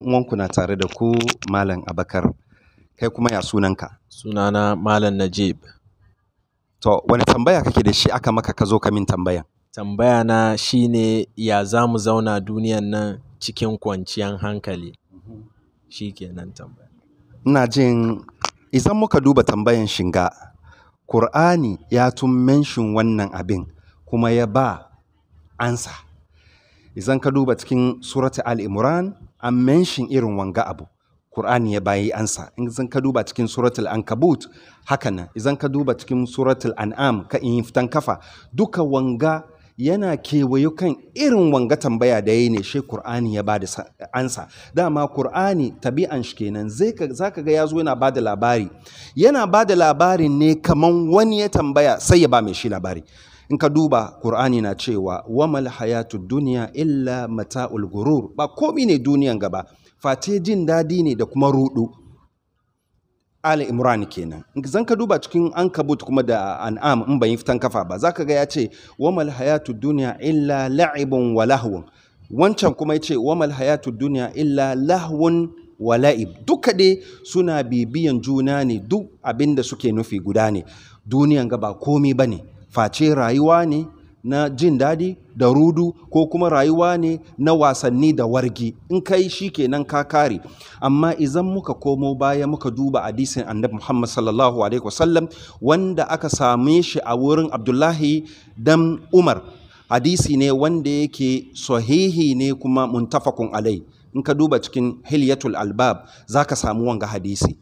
uwanku na tare da ku Malam Abakar. Kai kuma ya sunanka? Sunana Malam Najib. To, wani tambaya kake da shi aka maka ka zo ka min tambayan? Tambaya na shi ne ya za mu zauna duniyan nan cikin kwanciyar hankali. Shi kenan tambaya. Ina jin idan muka duba tambayan shinga, Kur'ani ya tun menshin wannan abin kuma ya ba ansa. idan ka duba cikin surata al-imran an menshin irin wanga abu Qur'ani ya bayi ansa idan ka duba cikin suratul ankabut haka nan idan ka duba cikin suratul an'am ka in fitan kafa duka wanga yana kewaye kan irin wanga tambaya da ya yi ne shi Kur'ani ya bada ansa dama Qur'ani tabi'an shi kenan zai ka ga ya zo yana bada labari yana bada labari ne kaman wani ya tambaya sai ya ba mai shi labari in ka duba Kur'ani na cewa wamal hayatud duniya illa mata'ul gurur ba komi ne duniyan gaba face jin dadi ne da kuma rudu Ali Imran kenan zan ka duba cikin ankabut kuma da an'am in ban yi fitan kafa ba zaka ga ya ce wamal hayatu duniya illa la'ibun wa lahwun wancan kuma ya ce wamal hayatu duniya illa lahwun wa la'ib duka dai suna bibiyan juna ne duk abinda suke nufi guda ne duniyan ga ba komi bane face rayuwa ne na jin daɗi da rudu ko kuma rayuwa ne na wasanni da wargi in kai shi kenan ka kare amma izan muka komo baya muka duba hadisin annabi muhammad sallallahu alaihi wasallam wanda aka same shi a wurin abdullahi dan umar hadisi ne wanda yake sahihi ne kuma muntafakun alai in ka duba cikin hilyatul albab za ka samu wanga hadisi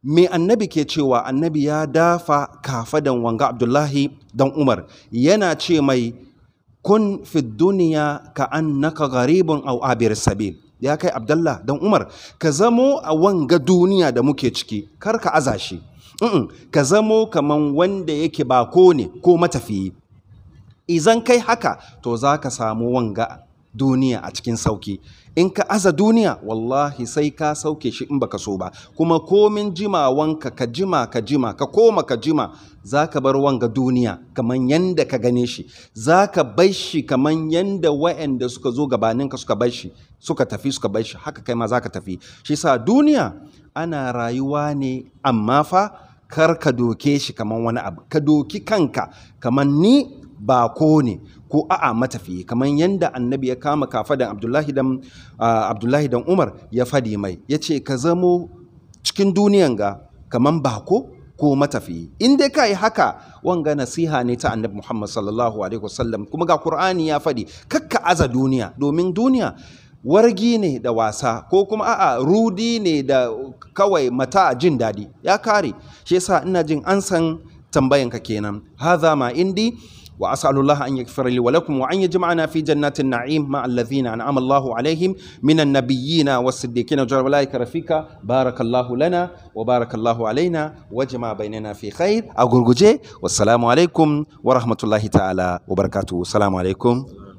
me annabi ke cewa annabi ya dafa kafadan wanga abdullahi dan umar yana ce mai kun fi duniya ka annaka garibin au abir sabil ya kai abdullah dan umar ka zamo a wanga duniya da muke ciki kar ka aza shi ka zamo kaman wanda yake bako ne ko matafiyi izan kai haka to za ka samu wanga duniya a cikin sauki in ka aza duniya wallahi sai ka sauke shi in baka so ba kuma komin jimawanka ka jima ka jima ka koma ka jima za ka bar wanga duniya kamar yanda ka gane shi za ka bai shi kamar yanda wa'anda suka zo gabaninka suka bai shi suka tafi suka bai shi haka kai ma za ka tafi shi sa duniya ana rayuwa ne amma fa kar ka doke shi kamar wani abu ka doki kanka kamar ni bako ne ko a'a matafi kamar yadda annabi ya kama kafadan abdullahi dan abdullahi dan umar ya fadi mai ya ce ka zamo cikin duniyan ga kamar bako ko matafiyi in dai ka yi haka wanga nasiha ne ta annabi muhammad sallallahu alaihi wasallam kuma ga qur'ani ya fadi kakka aza duniya domin duniya wargi ne da wasa ko kuma a'a rudi ne da kawai mata a jin daɗi ya kare shi yasa ina jin an san tambayanka kenan haza ma indi وأسأل الله أن يغفر لي ولكم وأن يجمعنا في جنات النعيم مع الذين أنعم الله عليهم من النبيين والصديقين وجعل أولئك رفيقا بارك الله لنا وبارك الله علينا وجمع بيننا في خير أقول والسلام عليكم ورحمة الله تعالى وبركاته السلام عليكم